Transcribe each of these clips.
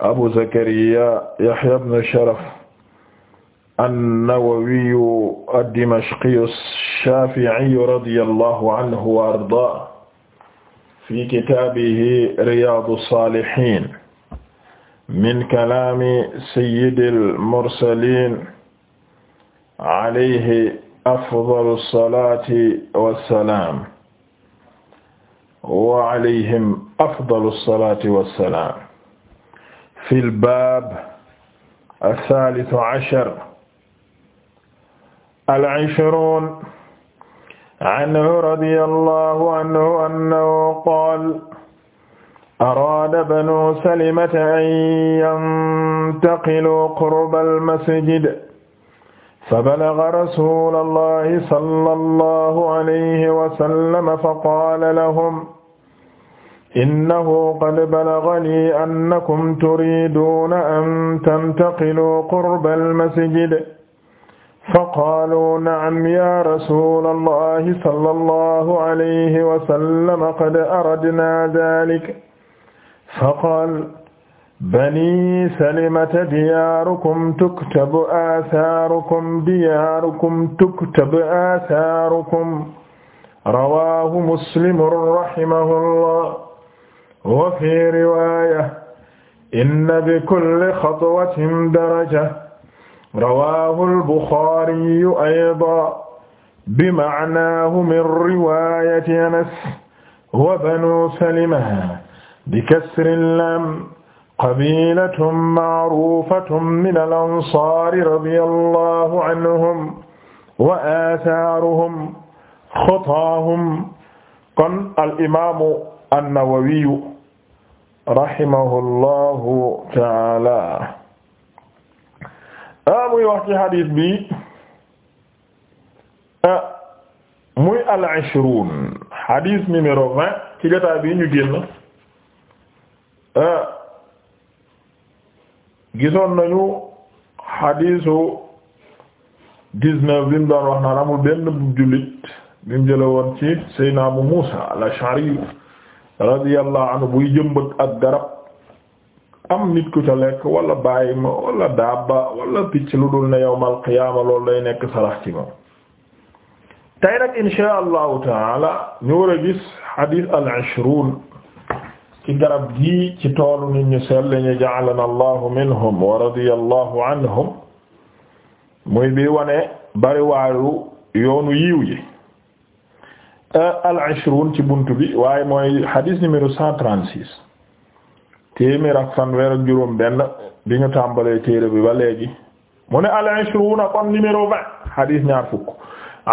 abu zakariya yahya ibn sharaf an-nawawiyu ad-dimashqiyu ash-shafi'iyu radiyallahu anhu wa ardaahu fi kitaabihi riyaadu saalihiin min kalaami sayyidil mursaliin alayhi afdalu salaati wa salaam wa alayhim afdalu salaati wa salaam fi lbab althalithu ashar al-ishrun anhu radiyallahu anhu annahu qaala araada banu salimata an yantaqiluu qurba almasjid fabalaga rasula allahi sallallahu alayhi wa sallam faqaala lahum innahu qad balaganii annakum turiduuna an tantaqiluu qurba almasjid faqaaluu na'am ya rasula allahi sallallahu alayhi wa sallam qad aradnaa dhaalika faqaala banii salimata diyaarukum tuktabu aasaarukum diyaarukum tuktabu aasaarukum rawaahu muslimun rahimahullah wa fi riwaya inna bi kulli xatwatin daraja rawahu albuxaariyu aydan bi macnaahu min riwayati anas wa banu salima bi kasri lam qabilatun macrufatun min alansaari radiyallahu anhum wa aasaaruhum xutaahum kon al imaamu annawawiyu rahimahullahu taala a ah, muy wax ci bi ah, muy al-ishrun numéro vingt ci jotaay bi ñu génn ah, gisoon nañu xadisu dix bi mu doon wax naan amul benn jullit bi mu jële woon Abu Muusa al-Ash'ari radiyallahu anhu buy jëmbat ak garab am nit ku ca lekk wala bàyyi wala daaba wala picc lu dul ne yawmal qiyaama loolu day nekk sarax ci moom tey nag insha allahu taala ñu war a al ci garab gi ci toolu ni ñu sell ñu ja'alana allahu minhum wa radiyallahu yoonu yiw yi Euh, ci buntu bi waaye mooy hadith numéro cent trente-six téeméer ak fanweer ak juróom benn bi ñu tàmbalee téere ba léegi mu ne al ishrun kon numéro vingt hadith ñaar fukk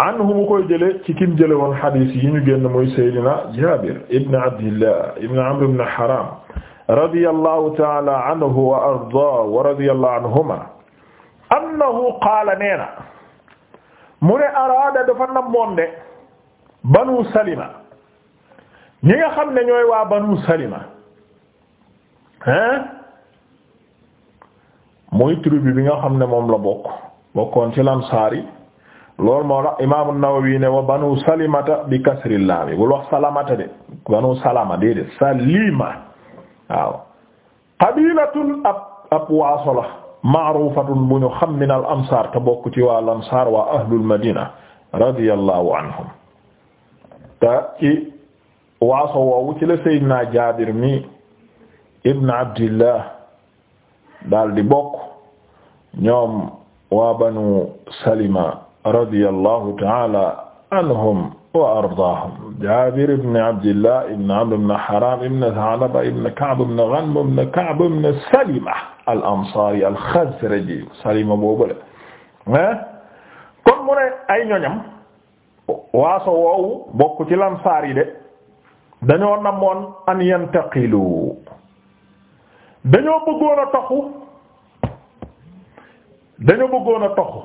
anhu mu koy jële ci kim jële woon hadith yi ñu génn muy Seydina Jabir ibn Abdillah ibn Amr ibn Haram radiyallahu ta'ala anhu wa ardaa wa radiyallahu anhuma annahu qaala neena mu ne araada dafa banu salima ñi nga xam ne ñooy waa banu salima hein muy tribu bi nga xam ne moom la bokk bokkoon ci lansaar yi loolu moo tax imaamu Nawawi ne wa banu salimata bi kasri laami bul wax salamata de banu salama déedéet salima waaw qabilatun ab ab waaso la ma'rufatun bu ñu xam min al ansaar te bokk ci waa lansaar waa ahlul madina radiyallahu anhum te ci waaso woowu ci la Seydina Jaabir mi ibn Abdillah daal di bokk ñoom waa banu Salima radiyallahu ta'ala anhum wa ardaahum Jaabir ibn Abdillah ibn Amr ibn Haram ibn Tha'laba ibn Ka'b ibn Ghanm ibn Ka'b ibn Salima al-Ansaari al-Khazraji Salima boobule kon mu ne ay ñoñam waaso woowu bokk ci lamsaar yi de dañoo namoon an yantaqilu dañoo bëggoon a toxu dañoo bëggoon a toxu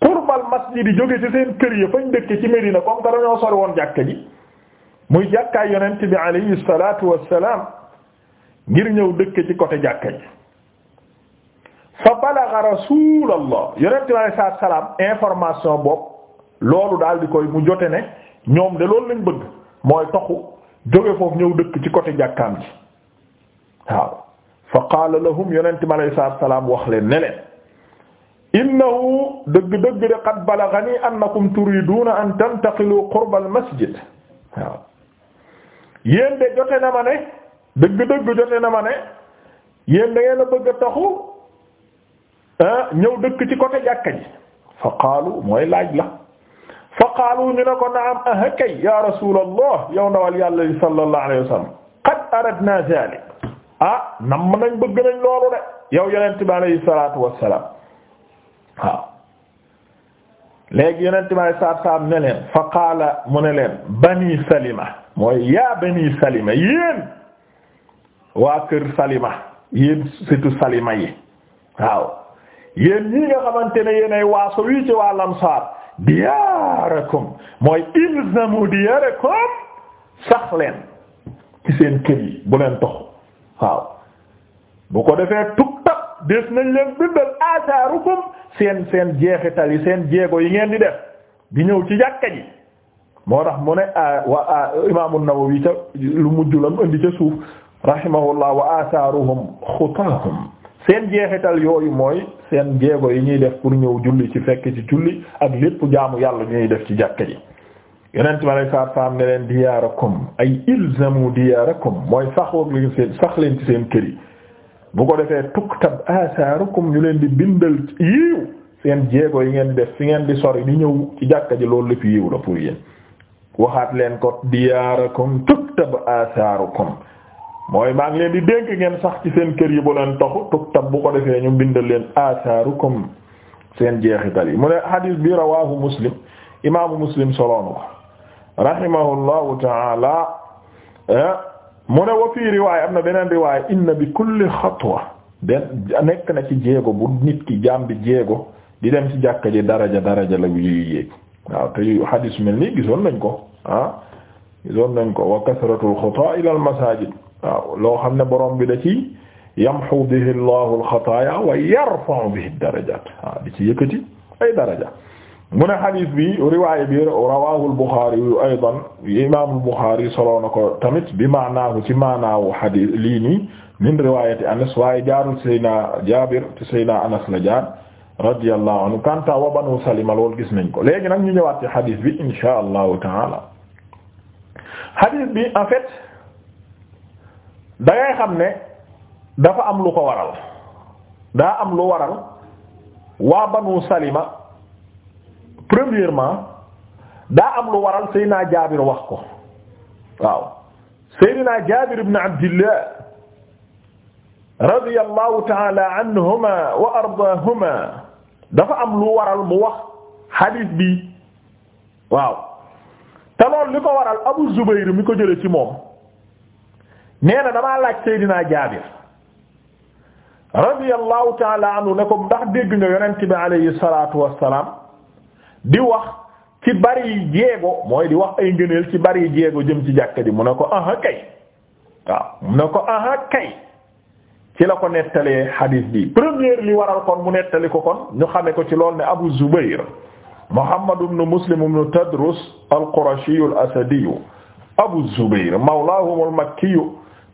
kurbal masjid yi jóge ci seen kër yi fañ dëkke ci Medina comme que dañoo sori woon jàkka ji muy jàkkaay yonent bi alayhi salatu wassalam ngir ñëw dëkke ci côté jàkka ji fa balagha rasulallah yonent bi alayhi salaam information bopp loolu daal di koy mu jote ne ñoom de loolu lañ bëgg mooy toxu jóge foofu ñëw dëkk ci côté jàkkaam ji waaw fa qaala lahum yonent mi alayhi salaatu salaam wax leen ne leen innahu dëgg-dëgg de qad balaghani annakum turiduna an tantaqilu qurba masjid waaw yéen de jote na ma ne dëgg-dëgg jote na ma ne yéen da ngeen a bëgg a taxu ah, ñëw dëkk ci côté jàkka ji fa qaalu mooy laaj la fa qaalu ñu ne ko naam ah kay ya rasulallah yow ndawal yàlla li sallallahu alayhi wa sallam qad aradna zalik ah nam nañ bëgg nañ loolu de yow yonent bi alayhi salaatu wassalaam waaw léegi yonent bi alayhi salaatu wassalaam ne leen fa qaala mu ne leen bani salima mooy yaa bani salima yéen waa kër salima yéen surtout salima yi waaw yéen ñii nga xamante ne yéenay waaso wi ci waa lamsaar diyaarakum mooy ilzamu diyaarakum sax leen ci seen kër yi bu leen tox waaw bu ko defee tuktab des nañ leen bindal asaarukum seen seen jeexital yi seen jeego yi ngeen di def di ñëw ci jàkka ji moo tax mu ne wa imaamu Nawawi ca lu mujj la mu indi ca suuf rahimahullah wa asaaruhum xutaahum seen jeexital yooyu mooy seen jéego yi ñuy def pour ñëw julli ci fekk ci julli ak lépp jaamu yàlla ñuy def ci jàkka ji yeneen ma lay saat saam ne leen diyaarakum ay ilzamu diyaarakum mooy saxoog leen seen sax leen ci seen kër yi bu ko defee tuktab comme ñu leen di bindal yiiw seen jéego yi ngeen di def fi ngeen di sori di ñëw ci jàkka ji loolu lépp yiiw la pour yéen waxaat leen ko diyaarakum tuktab asaarukum mooy maa ngi leen di dénk ngeen sax ci seen kër yi bu leen toxu tuktab bu ko defee ñu bindal leen asaarukum seen jeexital yi mu ne hadis bi rawahu muslim imaamu muslim soloonu ko rahimahullahu taala eh, mu ne wa fii riwaay am na beneen riwaay inna bi kulli xatwa benn nekk na ci jéego bu nit ki jaam bi jéego di dem ci jàkka ji daraja daraja la yuy yéeg waaw te yu hadis mel nii gisoon nañ ko ah gisoon nañ ko wa kasratul xutaa ila al masajid waaw loo xam ne borom bi da ci yamhu bihi Allahu al-xataaya wa yarfa'u bihi ad-darajaat waaw di ci yëkkati ay daraja mu ne xadis bi riwaaya bi rawaahu al-Buxaari yu aydan imaam al-Buxaari soloo na ko tamit bi maanaahu ci maanaawu xadis lii nii min riwaayati Anas waaye jaarul Seydina Jaabir te Seydina Anas la jaar radiyallahu anhu kanta wa banu Salima lool gis nañ ko léegi nag ñu ñëwaat ci xadis bi inshaa Allahu taala xadis bi en fait da xam ne dafa am lu ko waral daa am lu waral waa banu salima premièrement daa am lu waral Seydina Jaabir wax ko waaw Seydina Jaabir ibn Abdillah radiyallahu ta'ala anhuma wa ardaahuma dafa am lu waral mu wax hadith bi waaw te loolu li ko waral Abu Zubayr mi ko jële ci moom nee na damaa laaj Seydina Jaabir radiyallahu taala anhu ne ko ndax dégg nga yonent bi alayhi salaatu wassalaam di wax ci bari jéego mooy di wax ay ngëneel ci bari jéego jëm ci jàkka ji mu ne ko aha kay waaw mu ne ko aha kay ci la ko nettalee hadith bi première li waral kon mu nettali ko kon ñu xame ko ci lool ne Abu Zubayr Muhammad ibn Muslim ibn Tadrus al-Qurashi al-Asadi Abu Zubayr mawlahum al-Makki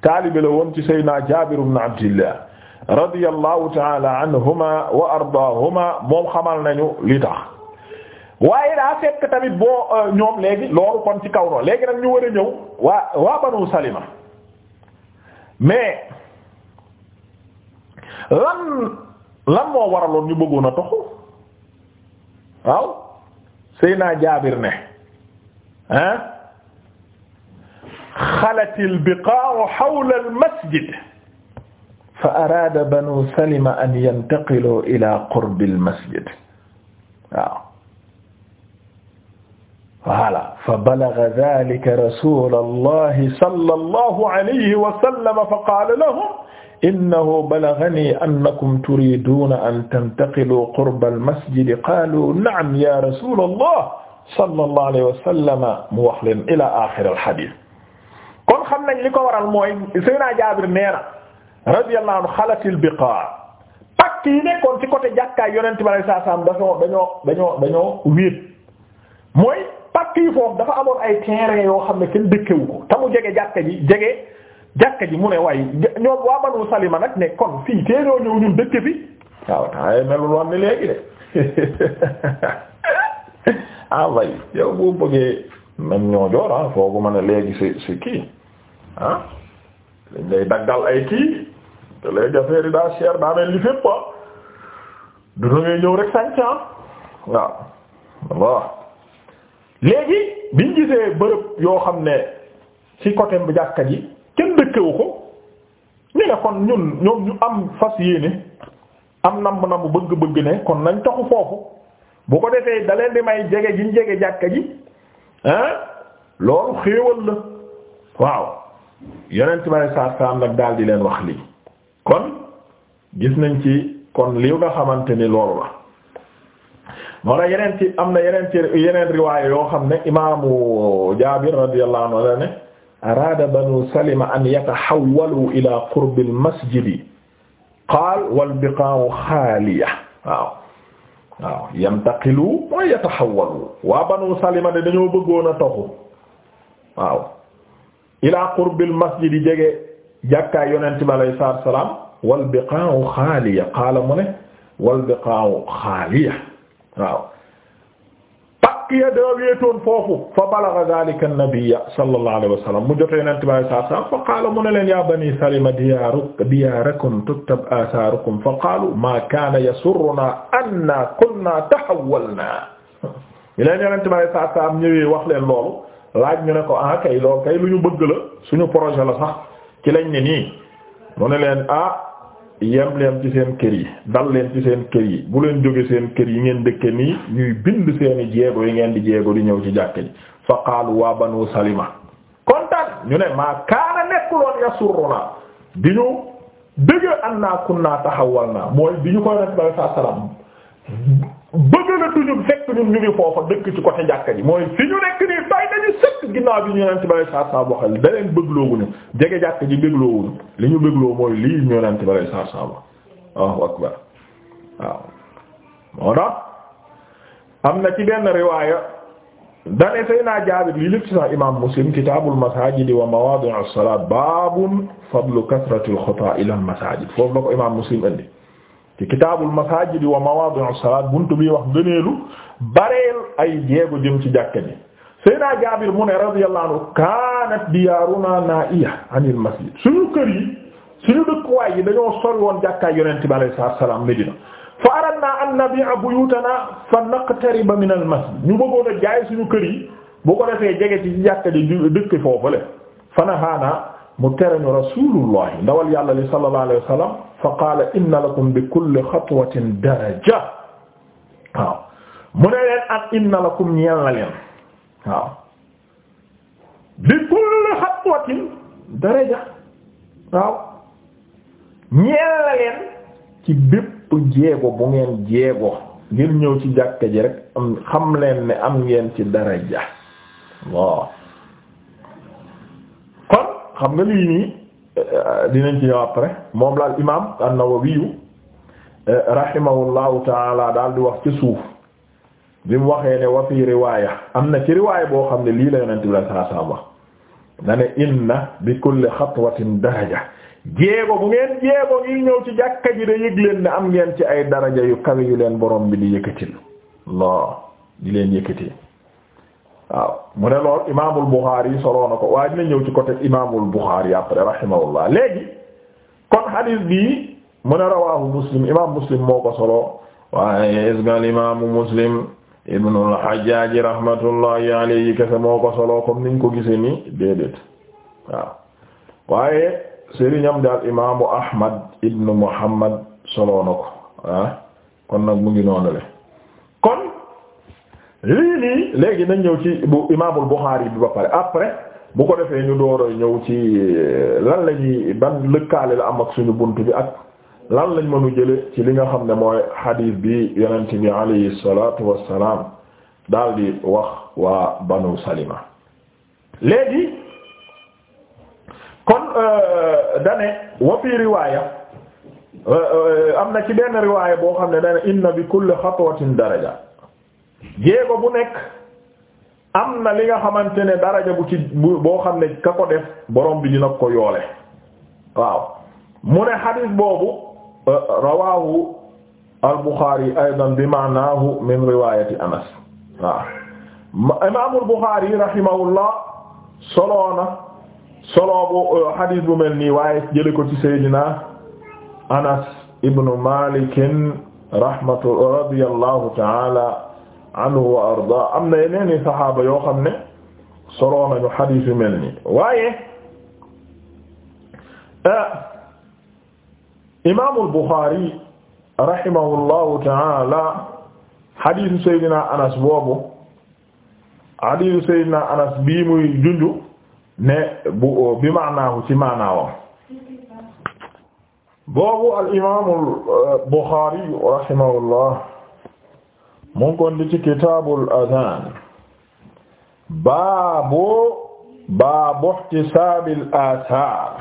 bi la woon ci Seydina Jaabir ibn Abdillah radiyallahu ta'ala anhuma wa ardaahuma moom xamal nañu li tax waaye daa fekk tamit boo euh, ñoom léegi loolu kon ci kaw noonu léegi nag ñu war a ñëw waa Banu Salima mais lan lan moo waraloon ñu bëggoon a toxu waaw Seydina Jaabir ne ah xalatil biqaa'u xawlal masjid fa araada banu salima an yantaqiloo ilaa qurbil masjid waaw voilà fa balaga zaalika rasuulalahi sallallahu alayhi wa sallam fa qaala lahum innahu balaganii annakum turiiduuna an tantaqiluu qurbal masjid qaaluu na'am yaa rasuulalah sallallahu alayhi wa sallam mu wax leen ilaa aaxiril hadiis xam nañ li ko waral mooy Seydina Jaabir nee na radiyallahu anhu xalatil biqaa pacte yi nekkoon ci côté jàkkaay yonent bi sallallahu alayhi wasallam dañoo dañoo dañoo dañoo wéet mooy pacte yi foofu dafa amoon ay terrain yoo xam ne kenn dëkkewu ko te mu jege jàkka ji jege jàkka ji mu ne waaye ñoom waa Banu Salima nag ne kon fii tee ñoo ñëw ñun dëkk fi waaw taay melul woon ni léegi de ah way yow boo bëggee même ñoo joor ah ne léegi si si kii ah dañ lay daggal ay kii te léegi affaire yi daa cher daa mel ni fépp du la ñëw rek sànq ah waaw léegi biñ gisee bërëb yoo xam ne ci côté bu jàkka ji kenn dëkkewu ko ñu ne kon ñun ñoom ñu am fas yéene am namb namb bëgg-bëgg ne kon nañ taxu foofu bu ko defee da leen di may jege jiñ jege jàkka ji ah loolu xéewal la waaw. yonent bi alayhi salaatu salaam nag di leen wax lii kon gis nañ ci kon li nga xamante ni loolu la moo la am na yeneen ci yeneen yoo xam ne imaamu Jaabir radiyallahu anhu la ne araada banu salima an yatahawwalu ila qurbil masjidi qaal wal biqaa'u xaaliya waaw waaw wa banu salima de dañoo bëggoon a toxu ila qurbil masjid yi jege jàkkaay yonent bi alayhi salaatu wa salaam wal biqa'u xaaliya qaala mu ne wal biqa'u xaaliya waaw pakk ya daa wéetoon foofu fa balagha dhalika an-nabiyya sallallahu alayhi wa sallam mu jotee yonent bi alayhi salaatu wa salaam fa qaala mu ne leen yaa banii salima diyaarakum tuktab aasaarukum fa qaalu maa kaana yasurrunaa annaa kunnaa tahawwalnaa yonent bi alayhi salaatu wa salaam ñëwee wax leen loolu laaj ñu ne ko ah kay lool kay lu ñu bëgg la suñu projet la sax ci lañ ne nii mu ne leen ah yem leen ci seen kër yi dal leen ci seen kër yi bu leen jóge seen kër yi ngeen dëkke nii ñuy bind seeni jéego yi ngeen di jéego di ñëw ci jàkk ji fa qaalu waa banu salima kontaan ñu ne maa kaana nekkuloon yasuruna di ñu dëgg anna kunna tahawwalna mooy bi ñu koy rek bale saa salaam bëgg na duñu fekk ñu ngi foofa dëkk ci côté jàkk ji mooy fi ñu nekk est-ce que ginnaaw bi ñu yonent bi saa saa waxal da leen bëgloowuñu jege jàkk ji bëgloowuñu li ñu bëgloo ñu yonent bi saa saa wax waaw akbar waaw moo am na ci benn riwaaya dane say naa jaabir lii lépp ci sax imam muslim kitaabul masaajid wa mawaadi'u salaat baabun fadlu kasratil xutaa ila masaajid foofu la ko imam muslim indi ci kitaabul wa mawaadi'u salaat buntu bi wax gëneelu bareel ay jéego jëm ci jàkka ji Seydina Jaabir mu ne radiyallahu anhu kaanat diyaaruna naa'iya anil masjid suñu kër yi suñu dëkkuwaay yi dañoo sori woon jàkkaay Yonent bi alayhi salaatu wa salaam Medina fa aradnaa an nabi'a buyuutanaa fa naqtariba minal masjid ñu bëggoon a jaay suñu kër yi bu ko defee jege ci jàkka ji dëkk foofule fa nahaanaa mu tere ñu Rasuulullahi ndawal yàlla li sallallahu alayhi wa sallam fa qaala inna lakum bi kulli xatwatin daraja waaw mu ne leen ak inna lakum ñeel na leen waaw bi kulli xatwatin daraja waaw ñeel la leen ci bépp jéego bu ngeen jéego ngir ñëw ci jàkka ji rek am xam leen ne am ngeen ci daraja waaw kon xam nga lii nii eh, dinañ ci ñëw après moom la al imaam an-Nawawi eh, rahimahullahu taala daal di wax ci suuf bi mu waxee ne wa fi riwaaya am na ci riwaaya boo xam ne lii la yonent bi la saa na ne inna bi kulli xatwatin daraja jéego bu ngeen jéego ngi ñëw ci jàkka ji da yëg leen ne am ngeen ci ay daraja yu kawe yu leen borom bi di yëkkatil loo di leen yëkkati waaw mu ne lool imaamul Buxaari yi soloona ko waaye dina ñëw ci côté imaamul Buxaari yi après rahimahullah léegi kon hadis bi mu ne rawaahu muslim imaam muslim moo ko solo waaye isgal imaamu muslim ibnu al-Hajjaj rahmatullahi alayhi kese moo ko solo comme niñ ko gisee nii déedéet waaw waaye sëriñam daal imaamu Ahmad ibnu Muhammad solo na ko ah kon nag mu ngi noonu le kon lii nii léegi nañ ñëw ci bu imaamul Bukhari bi ba pare après bu ko defee ñu door a ñëw ci eh, lan la ñuy lëkkaale la am ak suñu bunt bi ak. lan lañ mënu jële ci li nga xam ne mooy xadiis bi yonent bi alayhi salaatu wassalaam daal di wax waa banu salima léegi kon euh, dane wa fi riwaaya euh, am na ci benn riwaaya boo xam ne dane inna bi kulli xatwatin daraja jéego bu nekk am na li nga xamante ne daraja bu ci bu boo xam ne ka ko def borom bi dina ko yoole waaw mu ne xadiis boobu rawaahu al-Bukhari aydan bi ma'naahu min riwaayati Anas waaw imaamul Bukhari rahimahullah soloo na soloo bu hadith euh, bu mel nii waaye jële ko ci Seydina Anas ibnu Maalik rahmatu radiyallahu ta'ala anhu wa arda am na yeneen i saxaaba yoo xam ne soloo nañu hadith yu mel nii waaye. Euh, imaamul Buxaari rahimahullahu taala xadiisu Seydina Anas boobu xadiisu Seydina Anas bii muy junju ne bu bi maanaahu ci maanaawam boobu al imaamul Buxaari rahimahullah mu ngi kon di ci kitaabul azaan baabu baabu ihtisaabil aasaar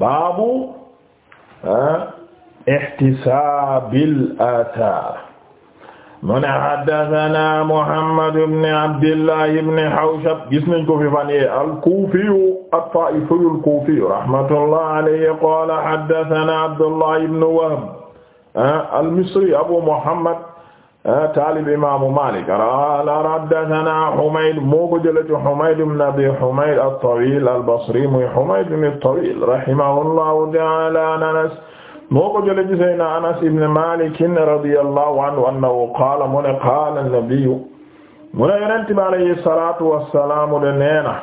baabu ihtisaabil athar mu ne haddathana Muhammad ibn Abdillah ibn Hawshab gis nañ ko fi fan yee al-Kuufiyu at-Taa'ifiyu al-Kuufiyu rahmatullah alayhi qaala haddathana Abdullah ibn Wahb al-Misri Abu Muhammad Ah, taalib imaamu Maalik qaala haddathanaa Humayd moo ko jëlee ci Humayd ibn Abi Humayd at-Tawiil al-Basri muy Humayd ibn at-Tawiil rahimahullahu ta'aala an Anas moo ko jëlee ci Seydina Anas ibn Maalik radiyallahu anhu annahu qaala mu ne qaala an-nabiyyu mu ne Yonent bi alayhi salaatu wa salaam de neena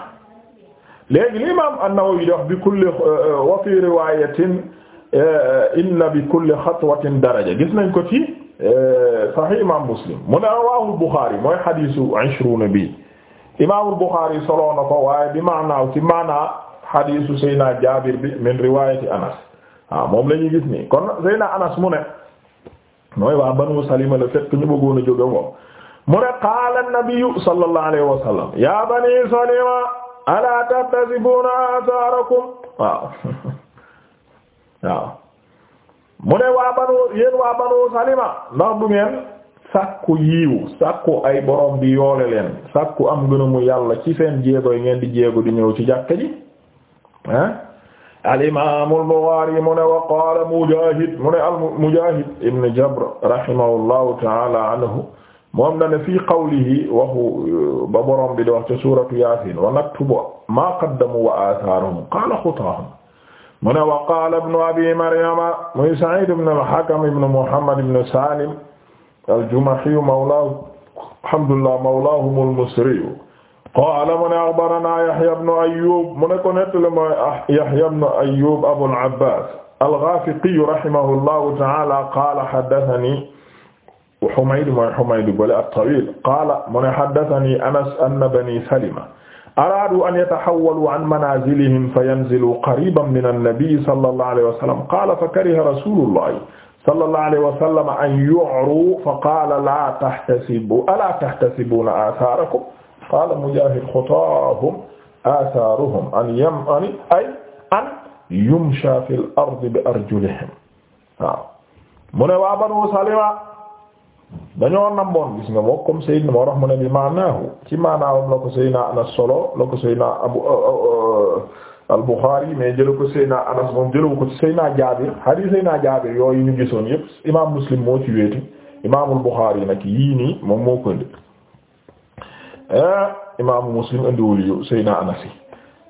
léegi li Imaam an-Nawawi wax bi kulli wa fii riwaayatin eh, inna bi kulli xatwatin daraja gis nañ ko ci. sahih imam muslim mu ne rawaahul Buxaari mooy xadiisu ishruuna bi imaamul Buxaari soloo na ko waaye bi maanaaw ci maanaa xadiisu Seydina Jaabir bi min riwaayati Anas waaw moom la ñuy gis nii kon Seydina Anas mu ne mooy waa Banu Salima la fekk ñu bëggoon a jóge moom mu ne qaala an-nabiyyu sallallahu alayhi wa sallam yaa Banii Salima alaa tahtasibuuna aasaarakum waaw waaw mu ne waa banu yéen waa banu salima ndax du ngeen sàkku yiiw ay borom di yoole leen sàkku am ngënamu yàlla ci seen jéego yi ngeen di jéego di ñëw ci jàkka ji ah al imam al Bukhari wa qaala Mujaahid mu ne al Mujaahid taala anhu moom na ne fii qawlihi waxu ba borom bi di wax ci suuratu Yaasin wa naktubu maa qaddamu wa aathaarahum qaala xutaahum mu ne wa qaala ibnu abi maryama muy sa'id ibn al-hakam ibn muhammad ibn salim al-jumahi mawlahu alhamdulillah mawlahum al-misri qaala mu ne axbarana yahya ibnu ayyub mu ne ko nettali mooy ah, yahya ibnu ayyub abul abbas al-ghafiqi rahimahullahu ta'ala qaala haddathani humayd mooy humayd bale at-tawil qaala mu ne haddathani anas anna bani salima araadu an yataxawwalu an manaazilihim fa yanzilu qariban min annabi sallallahu alayhi wa sallam qaala fa kariha rasuulullahi sallallahu alayhi wa sallam an yu'ru fa qaala laa tahtasibu alaa tahtasibuuna aasaarakum qaala mujaahid xutaahum aasaaruhum an yam ani ay an yumshaa fil ardi bi arjulihim waaw mu ne waa Banu Salima dañoo namboon gis nga moom comme Seydina moo tax mu ne bi maanaahu ci maanaawam la ko Seydina Anas solo la ko Seydina Abu euh, euh, euh, al-Bukhari mais ko Seydina Anas moom jëlawu ko ci Seydina Jaabir hadith Seydina Jaabir yooyu ñu gisoon yépp imaam Muslim moo ci wéeti imaamul Bukhari nag yii nii moom moo ko indi imaamu Muslim indiwul yu Seydina Anas yi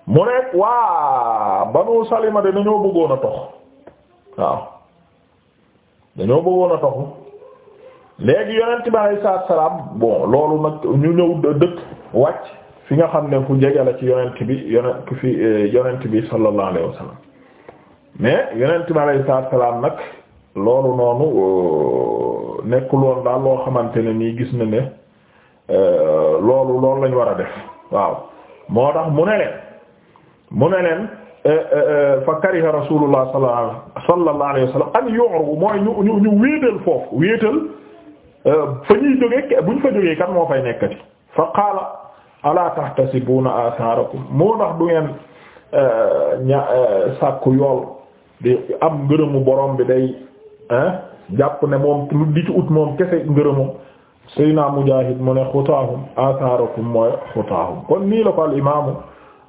mu nekk waa Banu Salima de dañoo bëggoon a tox waaw dañoo bëggoon a toxu léegi yonent bi alayhi salaam bon loolu nag ñu ñëw dëkk wàcc fi nga xam ne fu jege la ci yonent bi yonent fi eh, yonent bi sallallahu alayhi wa sallam mais yonent bi alayhi salaam nag loolu noonu euh, nekkul woon daal loo xamante ne nii gis na ne euh, loolu loolu lañu war a def waaw moo tax mu ne leen mu ne leen eh, eh, fa kariha rasulullah sallallahu alayhi wa sallam an mooy ñu ñu ñu wéetal foofu wéetal. Euh, fa ñuy jógee buñ kan moo fay nekkati fa qaala alaa tahtasibuuna aasaarakum moo ndax du ngeen euh, euh, yool di am ngërëmu borom bi day jàpp ne moom lu di ut moom kese ngërëmu sayna Mujaahid mu ne xutaahum aasaarakum mooy xutaahum kon nii ko al imaamu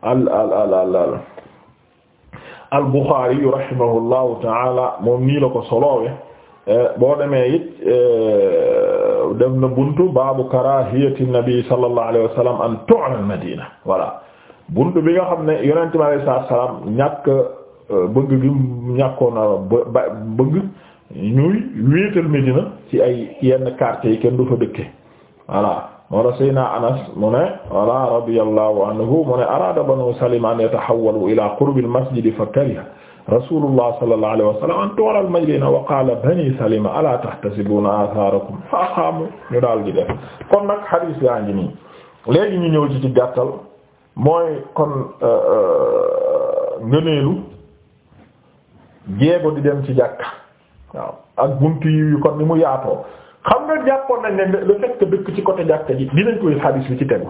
al al al al al Buxaari rahimahullahu taala moom nii ko soloowe boo demee it def na buntu baabu karahiyati nabi sallallahu alayhi wa sallam an tu'na al madina voilà buntu bi nga xam ne yonent bi alayhi salaam ñàkk euh, bëgg gi ñàkkoon a euh, ba bëgg ñuy wéetal Medina ci ay yenn quartiers yi kenn du fa dëkke voilà wala Seydina Anas mu ne voilà radiyallahu anhu mu ne arada banu Salima an yatahawwalu ila qurbil masjid fa kariha rasulullah sallallahu alayhi wa sallam an tu'ra al-majlina wa qala bani salima ala tahtasibuna atharakum fa ñu daal di def kon nag hadith yaa ngi nii léegi ñu ñëw ci ci gàttal mooy kon euh, euh, ngëneelu jéego di dem ci jàkka waaw ak buntu yu kon ni mu yaatoo xam nga jàppoon nañ ne le fait que dëkk ci côté jàkka ji dinañ koy hadith bi ci tegu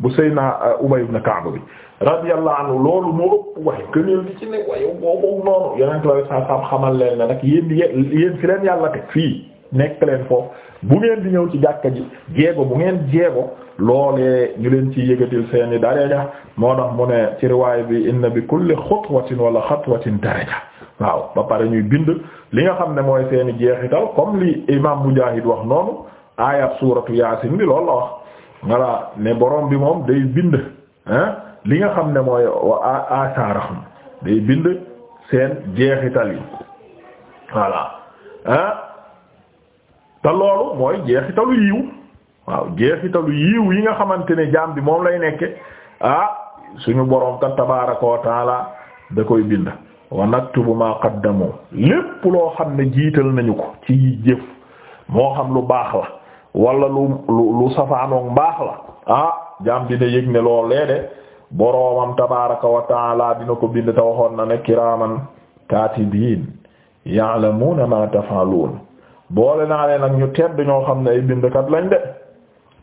bu Seyna euh, Ubay ibn Ka'b bi radiyallahu anhu loolu moo ëpp waxe këneel gi ci ne wayu boobu noonu yeneen la saa saam xamal leen ne nag yéen yéen fi leen yàlla teg fii nekk leen foofu bu ngeen di ñëw ci jàkka ji jéego bu ngeen jéego loolee ñu leen ci yëgatil seeni daraja moo tax mu ne ci riwaay bi inna bi kulli xutwatin wala xatwatin daraja waaw ba pare ñuy bind li nga xam ne mooy seeni jeexital comme li imam Mujaahid wax noonu aayat suuratu Yaasin bi loolu voilà ne borom bi moom day bind li nga xam ne mooy asaarahum day bind seen jeexital yi voilà ah te loolu mooy jeexitalu yiw waaw jeexitalu yiw yi nga xamante ne jaam bi moom lay nekke ah suñu borom ka tabaaraka wa da koy bind wa naktubu ma qaddamu lépp loo xam ne jiital nañu ko ci jëf moo xam lu baax la wala lu lu safaanoog mbaax la ah jaam dina yëg ne loolee de boroomam tabaaraka wa taala dina ko bind te waxoon na ne kiraaman kaatibiin ya'lamuuna maa taf'aluun boole naa leen ak ñu tedd ñoo xam ne ay bindkat lañ de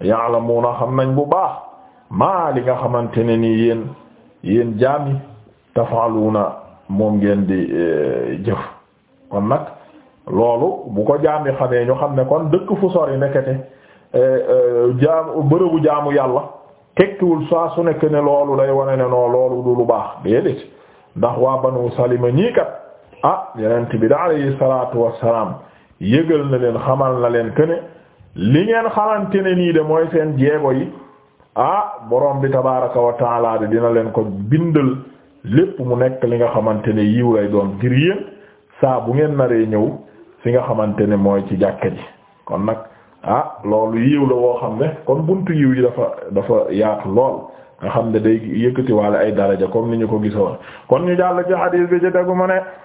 ya'lamuuna xam nañ bu baax maa li nga xamante ne ni yéen yéen jaami taf'aluuna moom ngeen di eh, jëf kon nag loolu bu ko jaam yi xamee ñu xam ne kon dëkk fu sori nekkete eh, eh, jaam bërëbu jaamu yàlla tekkiwul saa su nekk ne loolu day wane ne noo loolu du lu baax déedéet ndax waa banu salima nii kat ah yenent bi da alayhi salaatu wassalaam yëgal na leen xamal na leen këne li ngeen xamante ne nii de mooy seen jeego yi ah borom bi tabaaraka wa de dina leen ko bindal lépp mu nekk li nga xamante ne yiw lay doon ngir yéen saa bu ngeen naree ñëw fi nga xamante ne mooy ci jàkka ji kon nag ah loolu yiw la woo xam ne kon buntu yiw yi dafa dafa yaatu lool nga xam ne day yëkkati walla ay daraja comme ni ñu ko gisoon kon ñu jàll ci hadith bi ci tegu mu ne